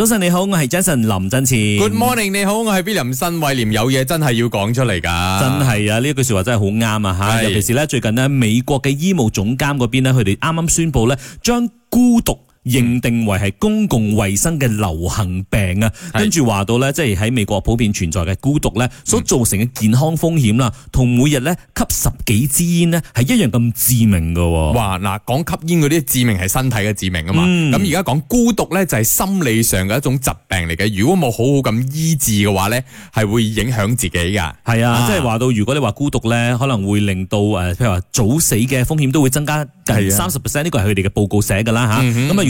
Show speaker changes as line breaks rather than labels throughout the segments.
早晨你好，我係 Jason 林振善。Good morning，你好，我係 William 新偉廉。有嘢真係要講出嚟㗎，真係啊！呢句說話真係好啱啊！尤其是咧，最近咧美國嘅醫務總監嗰邊咧，佢哋啱啱宣布咧，將孤獨，認定為係公共衛生嘅流行病啊，跟住話到咧，即係喺美國普遍存在嘅孤獨咧，所造成嘅健康風險啦，同、嗯、每日咧吸十幾支煙呢，係一樣咁致命噶喎。話
嗱，講吸煙嗰啲致命係身體嘅致命啊嘛，咁而家講孤獨咧就係心理上嘅一種疾病嚟嘅，如果冇好好咁醫治嘅話咧，係會影響自己噶。係啊，啊即係
話到，如果你話孤獨咧，可能會令到誒，譬如話早死嘅風險都會增加近三十 percent，呢個係佢哋嘅報告寫噶啦吓，咁啊、嗯。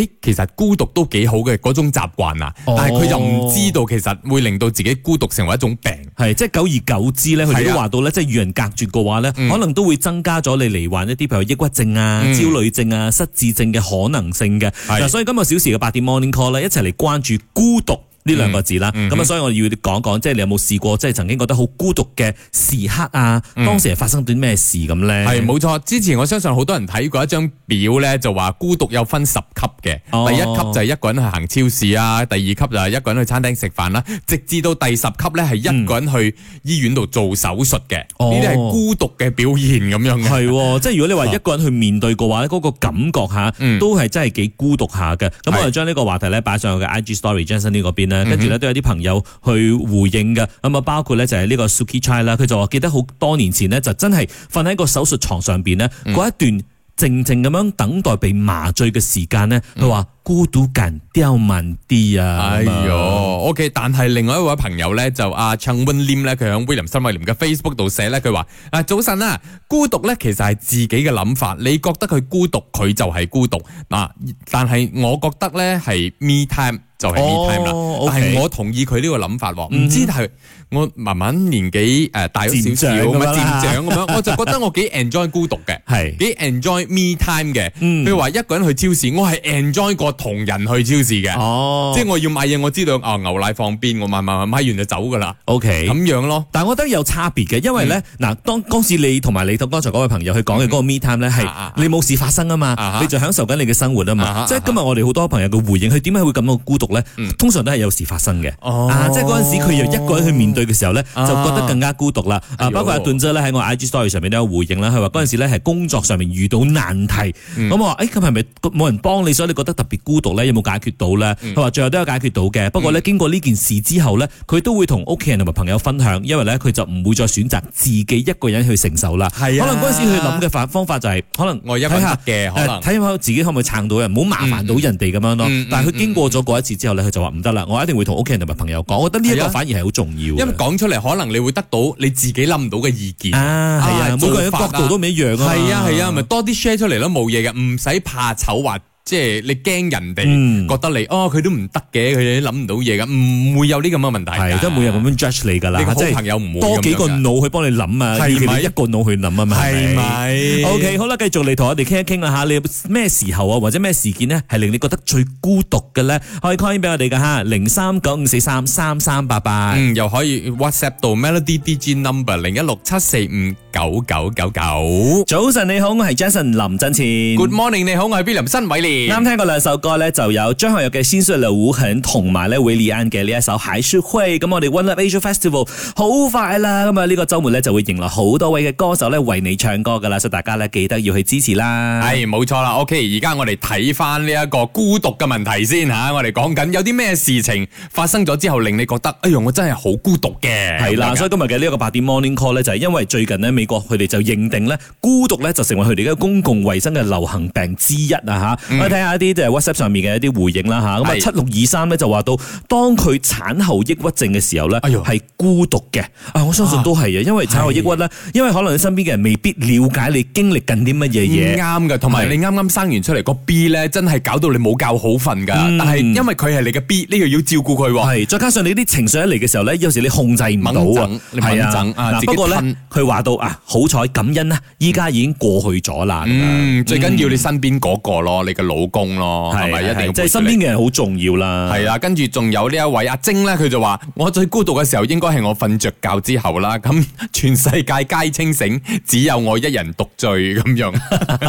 誒，其實孤獨都幾好
嘅嗰種習慣啊，但係佢又唔知道其實會令到自己孤獨成為一種病，係即係久而久之咧，佢都話到咧，即係與人隔絕嘅話咧，嗯、可能都會增加咗你罹患一啲譬如抑鬱症啊、嗯、焦慮症啊、失智症嘅可能性嘅。嗱、嗯，所以，是所以今個小時嘅八點 Morning Call 咧，一齊嚟關注孤獨。呢兩個字啦，咁啊、嗯，所以我要講講，即、就、係、是、你有冇試過，即、就、係、是、曾經覺得好孤獨嘅時刻啊？嗯、當時係發生啲咩事咁咧？係冇錯，之前我相
信好多人睇過一張表咧，就話孤獨有分十級嘅。哦、第一級就係一個人去行超市啊，第二級就係一個人去餐廳食飯啦，直至到第十級咧係一個人去
醫院度做手術嘅。呢啲係孤
獨嘅表現
咁樣嘅。係喎、哦，哦、 即係如果你話一個人去面對嘅話咧，嗰、那個感覺下、嗯、都係真係幾孤獨下嘅。咁、嗯、我就將呢個話題咧擺上去我嘅 IG story, Jensen 呢個邊跟住咧都有啲朋友去回應嘅，咁啊包括咧就係呢個 Suki Chai 啦，佢就話記得好多年前咧就真係瞓喺個手術床上邊咧，嗯、一段靜靜咁樣等待被麻醉嘅時間咧，佢話。孤獨感刁滿啲啊！哎喲
喲，OK，但係另外一位朋友咧就阿 Chan Win Lim 咧，佢響 William 森偉廉嘅 Facebook 度寫咧，佢話：啊早晨啦、啊，孤獨咧其實係自己嘅諗法，你覺得佢孤獨，佢就係孤獨嗱、啊。但係我覺得咧係 me time 就係 me time 啦。哦 okay、但係我同意佢呢個諗法唔知但係我慢慢年紀誒、啊、大咗少少，咪漸長咁樣，我就覺得我幾 enjoy 孤獨嘅，係幾 enjoy me time 嘅。嗯，譬如話一個人去超市，我係 enjoy 過。同人去超市嘅，哦、即係我要買嘢，我知道啊、哦、牛奶放邊，我買買買，買完就走噶啦。
O K，咁樣咯。但係我覺得有差別嘅，因為咧嗱，嗯、當嗰時你同埋你同剛才嗰位朋友去講嘅嗰個 me time 咧，係你冇事發生啊嘛，啊啊啊啊你就享受緊你嘅生活啊嘛。啊啊啊啊即係今日我哋好多朋友嘅回應，佢點解會咁樣孤獨咧？嗯、通常都係有事發生嘅、哦啊，即係嗰陣時佢又一個人去面對嘅時候咧，就覺得更加孤獨啦。哎、呦包括阿段澤咧喺我 I G story 上面都有回應啦，佢話嗰陣時咧係工作上面遇到難題，咁、嗯、我話咁係咪冇人幫你，所以你覺得特別？孤獨咧有冇解決到咧？佢話最後都有解決到嘅，不過咧經過呢件事之後咧，佢都會同屋企人同埋朋友分享，因為咧佢就唔會再選擇自己一個人去承受啦。係啊，可能嗰陣時佢諗嘅法方法就係可能我一個人嘅，可能睇下自己可唔可以撐到人，唔好麻煩到人哋咁樣咯。但係佢經過咗嗰一次之後咧，佢就話唔得啦，我一定會同屋企人同埋朋友講。我覺得呢一個反而係好重要，因為講出嚟可能你會得到你自己諗唔到嘅意見。係啊，每個人角度都唔一樣啊。啊係啊，咪
多啲 share 出嚟咯，冇嘢嘅，唔使怕醜或。即係你驚人哋覺得你哦，佢都唔得嘅，佢哋諗唔到嘢嘅，唔會有呢咁嘅問題。係
都每日咁樣 judge 你㗎啦。你好朋友唔會多幾個腦去幫你諗啊，尤其是一個腦去諗啊嘛。係咪？OK，好啦，繼續嚟同我哋傾一傾啦嚇，你有咩時候啊，或者咩事件呢，係令你覺得最孤獨嘅咧？可以 call in 俾我哋㗎嚇，零三九五四三三三八八。嗯，又可以 WhatsApp 到 Melody D J Number 零一六七四五九九九九。早晨你好，我係 Jason 林振前。Good morning，你好，我係 Billy 林新偉烈。啱聽過兩首歌咧，就有張學友嘅《先血流無痕》同埋咧韋禮安嘅呢一首《還是會》。咁我哋 One Love Asia Festival 好快啦，咁啊呢個周末咧就會迎來好多位嘅歌手咧為你唱歌噶啦，所以大家咧記得要去支持啦。係、哎，冇錯啦。OK，而
家我哋睇翻呢一個孤獨嘅問題先吓、啊，我哋講緊有啲咩事情發生咗之後令你覺得哎呀，我真係好孤獨嘅。係啦，所以
今日嘅呢一個八點 Morning Call 咧就係因為最近呢，美國佢哋就認定咧孤獨咧就成為佢哋嘅公共衛生嘅流行病之一啊吓。嗯睇下一啲即係 WhatsApp 上面嘅一啲回應啦嚇，咁啊七六二三咧就話到，當佢產後抑鬱症嘅時候咧，係孤獨嘅。啊，我相信都係啊，因為產後抑鬱咧，因為可能你身邊嘅人未必了解你經歷緊啲乜嘢嘢。啱嘅，同埋你啱啱生完出嚟個 B 咧，真係搞到你冇覺好瞓㗎。但係因為佢係你嘅 B，呢個要照顧佢喎。再加上你啲情緒一嚟嘅時候咧，有時你控制唔到啊。係啊，不過咧，佢話到啊，好彩感恩啦，依家已經過去咗啦。
嗯，最緊要你身邊嗰個咯，你嘅老老公咯，係咪、啊？一定即係身邊嘅人好重要啦。係啊，跟住仲有呢一位阿晶咧，佢就話：我最孤獨嘅時候，應該係我瞓着覺之後啦。咁全世界皆清醒，只有我一人獨醉，咁樣，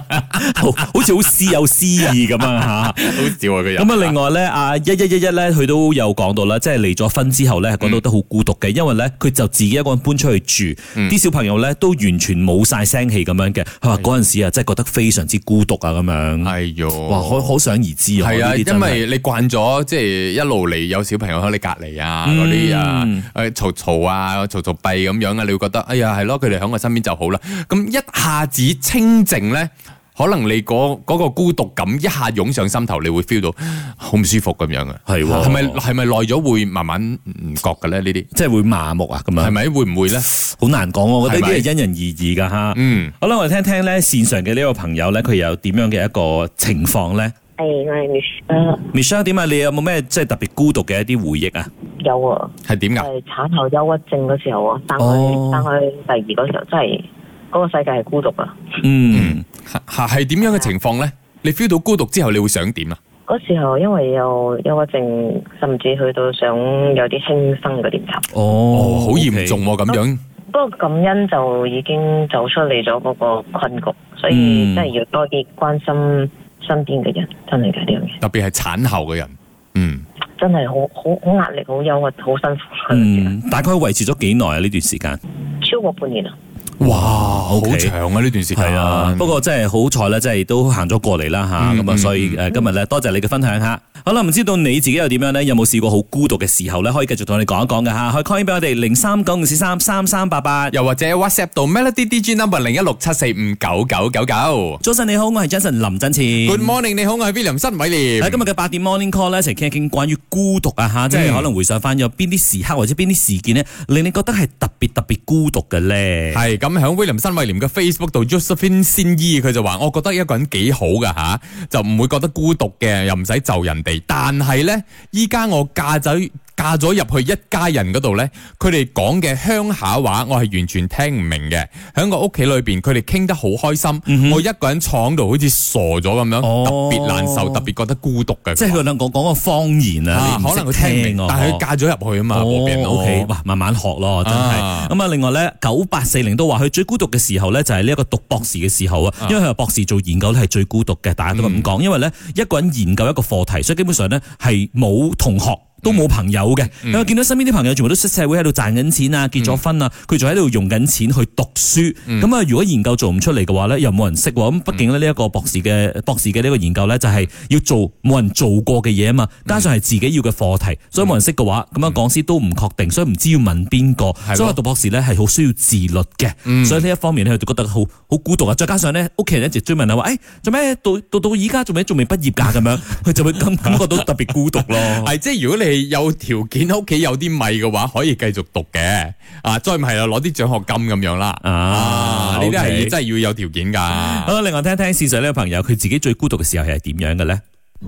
好似好,像好像私有詩意咁 啊！好笑啊。嘅人。咁啊，另外咧，阿一一一一咧，佢都有講到啦，即係離咗婚之後咧，講到得都好孤獨嘅，因為咧，佢就自己一個人搬出去住，啲、嗯、小朋友咧都完全冇晒聲氣咁樣嘅。佢話嗰陣時啊，真係覺得非常之孤獨啊，咁樣、哎。係喲。好，可想而知啊！係啊，因為
你慣咗，即、就、係、是、一路嚟有小朋友喺你隔籬啊，嗰啲、嗯、啊，誒嘈嘈啊，嘈嘈閉咁樣啊，你會覺得哎呀，係咯、啊，佢哋喺我身邊就好啦。咁一下子清靜咧。可能你嗰嗰個孤獨感一下湧上心頭，你會 feel 到好唔舒服咁樣嘅，係係咪係咪耐咗會慢慢唔覺嘅咧？呢啲即係會麻木啊，咁樣係咪會唔
會咧？好難講，我覺得呢啲係因人而異噶吓。嗯，好啦，我哋聽聽咧線上嘅呢個朋友咧，佢有點樣嘅一個情況咧？誒，我
係 Michelle。
Michelle 點啊？你有冇咩即係特別孤獨嘅一啲回憶啊？有啊，係點噶？係產
後憂鬱症嗰時候啊，生佢生佢第二嗰時候，真係嗰個世界係孤獨啊。
嗯。
係係點樣嘅情況咧？你 feel 到孤獨之後你會想點啊？
嗰時候因為有憂鬱症，甚至去到想有啲輕生嘅念
頭。哦，哦好
嚴重咁、啊、okay，咁樣。
不過感恩就已經走出嚟咗嗰個困局，所以、嗯、真係要多啲關心身邊嘅人，真係嘅呢樣
嘢。特別係產後嘅人，嗯，
真係好好好壓力好憂鬱，好辛苦、嗯。
大概維持咗幾耐啊？呢段時間
超過半年啊。
哇，Okay. 好長啊，呢段時間，係啊。不過真係好彩咧，真係都行咗過嚟啦吓。咁、嗯、啊，所以誒，今日咧多謝你嘅分享吓。好啦，唔知道你自己又點樣咧？有冇試過好孤獨嘅時候咧？可以繼續同我哋講一講嘅吓，可以 call 俾我哋零三九五四三三三八八，又或者 WhatsApp 到 Melody DJ number 零一六七四五九九九九。早晨你好，我係 Jason 林振前。Good morning，你好，我係 William 森偉廉。喺、啊、今日嘅八點 morning call 咧，一齊傾一傾關於孤獨啊吓，即係可能回想翻有邊啲時刻或者邊啲事件呢，令你覺得係特別特別孤獨嘅咧。係咁喺 William 森偉廉嘅 Facebook 度，Josephine 仙依佢就話：，我
覺得一個人幾好噶吓、啊，就唔會覺得孤獨嘅，又唔使就人哋。但係咧，依家我嫁仔。嫁咗入去一家人嗰度咧，佢哋講嘅鄉下話，我係完全聽唔明嘅。喺個屋企裏邊，佢哋傾得好開心，嗯、哼我一個人廠度好似傻咗咁樣，哦、特別難受，特別覺得孤獨嘅。即係佢兩個講個方言
啊，你不可能佢聽明，那個、但係佢嫁咗入去啊嘛，哦、我住喺屋企，okay, 慢慢學咯，真係咁啊。另外咧，九八四零都話佢最孤獨嘅時候咧，就係呢一個讀博士嘅時候啊，因為佢讀博士做研究咧係最孤獨嘅。大家都咁講，嗯、因為咧一個人研究一個課題，所以基本上咧係冇同學。都冇朋友嘅，你有見到身邊啲朋友全部都出社會喺度賺緊錢啊，結咗婚啊，佢仲喺度用緊錢去讀書。咁啊，如果研究做唔出嚟嘅話咧，又冇人識喎。咁畢竟呢一個博士嘅博士嘅呢個研究咧，就係要做冇人做過嘅嘢啊嘛。加上係自己要嘅課題，所以冇人識嘅話，咁啊講師都唔確定，所以唔知要問邊個。所以讀博士咧係好需要自律嘅，所以呢一方面咧佢就覺得好好孤獨啊。再加上咧屋企人一直追問你話，誒做咩到讀到依家做咩仲未畢業㗎咁樣，佢就會感感覺到特別孤獨咯。
即係如果你。有條件，屋企有啲米嘅話，可以繼續讀嘅啊！再唔係
啊，攞啲獎學金咁樣啦。啊，呢啲係真係
要有條件噶 Okay.
好啦，另外聽聽線上呢個朋友，佢自己最孤獨嘅時候係點樣嘅咧？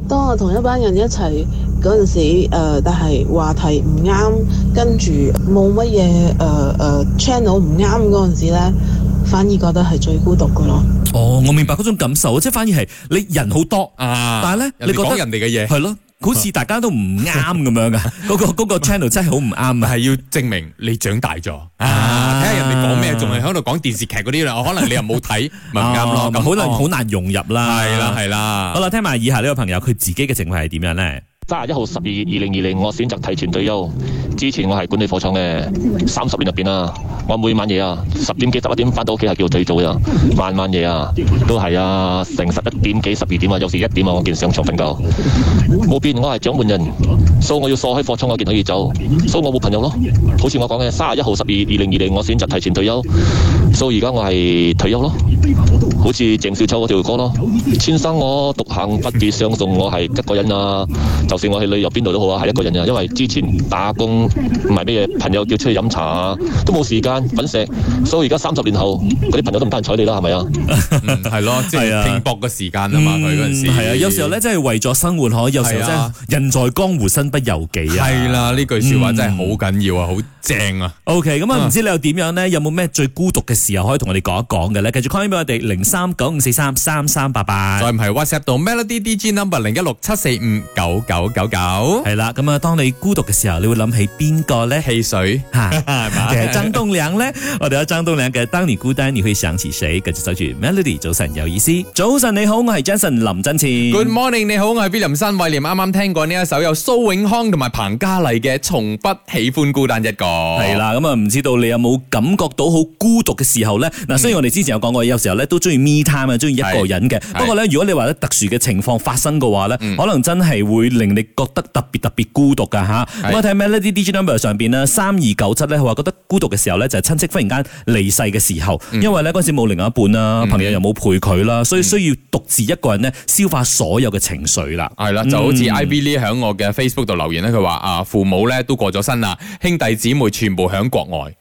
當我同一班人一齊嗰陣時，誒、呃，但係話題唔啱，跟住冇乜嘢，誒誒，channel 唔啱嗰陣時咧，反而覺得係最孤獨噶咯。哦，
我明白嗰種感受，即係反而係你人好多啊，但係呢咧家你覺得人哋嘅嘢係咯。好似大家都唔啱咁樣噶，嗰、 嗰個嗰、嗰個 channel 真係好唔啱啊！係要證明你長大咗啊，
睇下人哋講咩，仲係
喺度講電視劇嗰啲啦，可能你又冇睇咪啱咯，咁可能好難
融入啦。係啦係啦，好啦，聽埋以下呢個朋友佢自己嘅情況係點樣咧？三十一號十二月二零二零，我選擇提前退休。之前我係管理貨倉嘅，三十年入邊啦、啊。我每晚夜啊，十點幾十一點返到屋企係叫最早嘅、啊。晚晚夜啊，都係啊，成十一點幾十二點啊，有時一點啊，我見上床瞓覺。冇變，我係掌門人。所以、so, 我要鎖喺貨倉，我見可以走，所、so, 以我冇朋友咯。好似我講嘅，三十一號十二二零二零，12, 2020, 我選擇提前退休，所以而家我係退休咯。好似鄭少秋嗰條歌咯，千山我獨行，不必相送，我係一個人啊。就算我去旅遊邊度都好啊，係一個人啊。因為之前打工唔係咩嘢，朋友叫出去飲茶啊，都冇時間揾食，所以而家三十年後啲朋友都唔得閒睬你啦，係咪啊？係咯、 嗯，即係拼搏嘅時間啊嘛，佢嗰陣時係啊，有時候咧即係為咗生活可以，有時候即係人在江湖身。不由己啊！係啦，呢句說話真係好
緊要啊，好正
啊！OK，咁啊，唔知你又點樣咧？有冇咩最孤獨嘅時候可以同我哋講一講嘅咧？繼續 call 翻俾我哋零三九五四三三三八八，再唔係 WhatsApp 到 Melody DJ number 零一六七四五九九九九，係啦。咁啊，當你孤獨嘅時候，你會諗起邊個咧？汽水，係嘛？張棟梁咧？我哋阿張棟梁嘅《當你孤單》，你會想起誰？繼續守住 Melody，早晨有意思。早晨你好，我係 Jason 林振前。Good morning，你好，我係 William 山衛廉。啱啱聽過呢一首有蘇永永康同埋彭嘉麗嘅《從不喜歡孤單一個》係啦，咁啊唔知道你有冇感覺到好孤獨嘅時候咧？嗱，雖然我哋之前有講過，有時候咧都中意 me time 啊，中意一個人嘅。不過咧，如果你話咧特殊嘅情況發生嘅話咧，可能真係會令你覺得特別特別孤獨噶吓。咁我睇《Melody D G Number》上邊咧，三二九七咧，佢話覺得孤獨嘅時候咧就係親戚忽然間離世嘅時候，因為咧陣時冇另外一半啦，朋友又冇陪佢啦，所以需要獨自一個人咧消化所有嘅情緒啦。係啦，就好似 Ivy
呢響我嘅 Facebook。度留言咧，佢話啊父母咧都過咗身啦，兄弟姊妹全部響國外。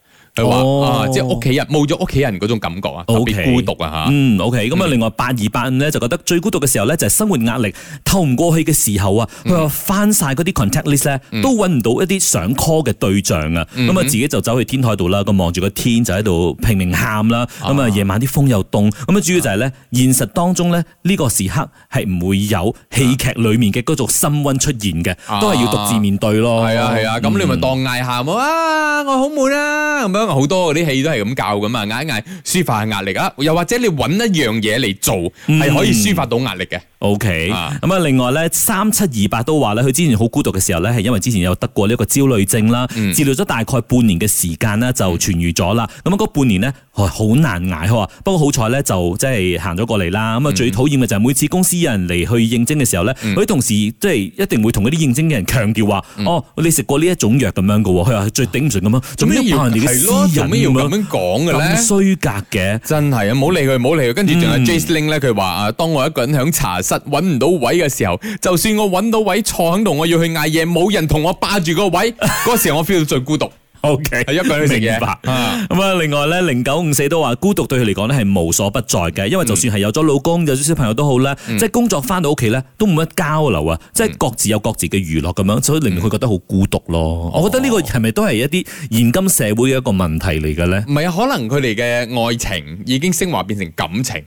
啊哦、即係屋
企人冇咗屋企人嗰種感覺啊，好孤獨啊嚇。Okay 啊、嗯，OK。咁啊，另外八二八五咧就覺得最孤獨嘅時候咧，就係生活壓力透唔過氣嘅時候啊。佢話翻晒嗰啲 contact list 咧，都揾唔到一啲想 call 嘅對象啊。咁啊，自己就走去天台度啦，咁望住個天就喺度拼命喊啦。咁啊，夜、啊嗯、晚啲風又凍，咁啊，主要就係咧，現實當中咧呢個時刻係唔會有戲劇裡面嘅嗰種心温出現嘅，都係要獨自面對咯、嗯。係啊係、嗯、啊，咁、啊、你咪當
嗌喊啊，我好悶啊咁樣。因為好多嗰啲戲都係咁教噶嘛，捱一捱抒發下壓力啦。又或者你揾一樣嘢嚟做，係可以抒發到壓力嘅。
O K、mm。咁、hmm. okay, 啊，另外咧，三七二八都話咧，佢之前好孤獨嘅時候咧，係因為之前有得過呢一個焦慮症啦，治療咗大概半年嘅時間咧就痊癒咗啦。咁啊、mm，嗰、hmm. 半年咧好難捱，佢不過好彩咧，就即係行咗過嚟啦。咁啊，最討厭嘅就係每次公司有人嚟去應徵嘅時候咧，佢、mm hmm. 同事即係一定會同嗰啲應徵嘅人強調話：mm hmm. 哦，你食過呢一種藥咁樣噶喎。佢話最頂唔順咁樣，做咩做咩、啊、要咁樣講嘅咧？衰
格嘅，真係啊！唔好理佢，唔好理佢。跟住仲有 Jasling 咧，佢話啊，當我一個人響茶室搵唔到位嘅時候，就算我搵到位坐響度，我要去嗌嘢，冇人同我霸住個位，嗰時 候我 feel 到最孤獨。O Okay , K，係一句嘅
成語，咁白啊，另外咧，零九五四都話，孤獨對佢嚟講咧係無所不在嘅，嗯、因為就算係有咗老公，有咗小朋友都好啦，嗯、即係工作翻到屋企咧，都冇乜交流啊，嗯、即係各自有各自嘅娛樂咁樣，所以令佢覺得好孤獨咯。嗯、我覺得呢個係咪都係一啲現今社會嘅一個問題嚟
嘅咧？唔係啊，可能佢哋嘅愛情已經升華變成感情。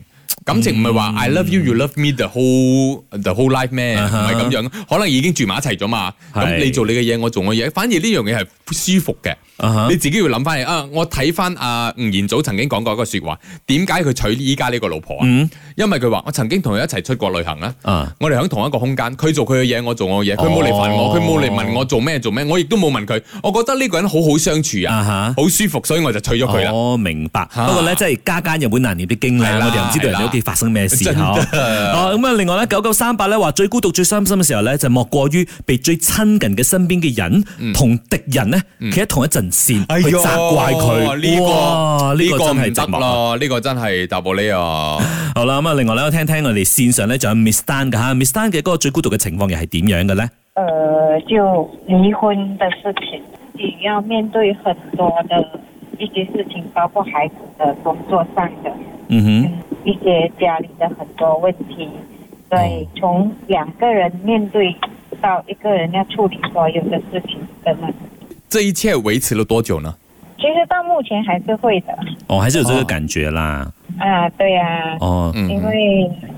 感情唔係話 I love you, you love me the whole the whole life 咩？唔係咁樣，可能已經住埋一齊咗嘛。咁你做你嘅嘢，我做我嘢。反而呢樣嘢係舒服嘅。你自己要諗翻嚟啊！我睇翻阿吳彥祖曾經講過一個説話，點解佢娶依家呢個老婆啊？因為佢話我曾經同佢一齊出國旅行啦。我哋喺同一個空間，佢做佢嘅嘢，我做我嘅嘢。佢冇嚟煩我，佢冇嚟問我做咩做咩。我亦都冇問佢。我覺得呢個人好好相處啊，好舒服，所以我就娶咗佢啦。
我明白，不過咧，即係家家有本難唸啲經啦，我哋唔知道你屋企發生咩事吓？哦，咁啊，另外咧，九九三八咧話最孤獨、最傷心嘅時候咧，就莫過於被最親近嘅身邊嘅人同敵人咧企喺同一陣線去責怪佢。哇，呢個真係折磨，
呢個真係大玻璃啊！
好啦，咁啊，另外咧，我聽聽我哋線上咧仲有 Miss Dan 嘅吓，Miss Dan 嘅嗰個最孤獨嘅情況又係點樣嘅咧？誒，就
離婚的事情，你要面對很多的一些事情，包括孩子嘅工作上嘅。嗯哼，一些家裏的很多問題，對，從兩個人面對到一個人要處理所有的事情等等，
這一切維持了多久呢？
其實到目前還是會的，
哦，還是有這個感覺啦。
哦、啊，對呀、啊，哦，因為、嗯。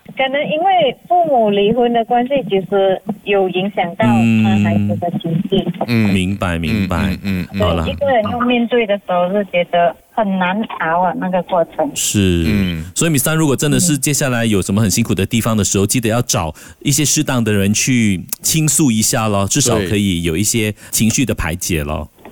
可能
因為父母離婚的關係，其實有影響到他孩子的情緒，嗯。嗯，明白明白，所以，嗯，好一個
人要面對的時候，
是覺得很難熬啊，那個過程是。嗯，所以米三，如果真的是接下來有什麼很辛苦的地方的時候，記得要找一些適當的人去傾訴一下咯，至少可以有一些情緒的排解咯。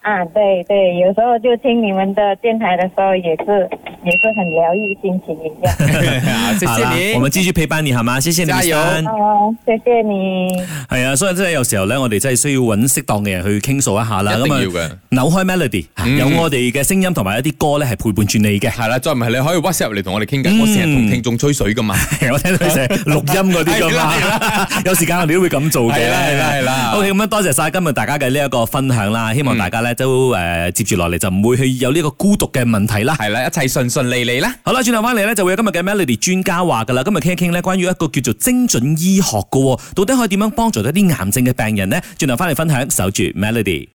啊，對對，有時候就聽你們的電台的時候也，也是也是很療愈心情一樣 謝謝你。我們繼續陪伴你，係
嘛？謝謝你，加油，啊。
謝謝你。係啊，所以真係有時候咧，我哋真係需要揾適當嘅人去傾訴一下啦。一定要嘅。扭開 Melody，有我哋嘅聲音同埋一啲歌咧，係陪伴住你嘅。係啦，嗯，再唔係你可以 WhatsApp 嚟同我哋傾偈。我成日同聽眾吹水噶嘛， 我聽到你成日錄音嗰啲咁啦，有時間我哋都會咁做嘅。係啦， 係啦，係啦。OK，咁樣多謝晒今日大家嘅呢一個分享啦，希望大家咧。 就誒、呃，接住落嚟就唔會去有呢個孤獨嘅問題啦，係啦，一切順順利利啦。好啦，轉頭翻嚟咧，就會有今日嘅 Melody 專家話噶啦，今日傾一傾咧，關於一個叫做精準醫學噶、啊，到底可以點樣幫助到一啲癌症嘅病人呢？轉頭翻嚟分享，守，守住 Melody。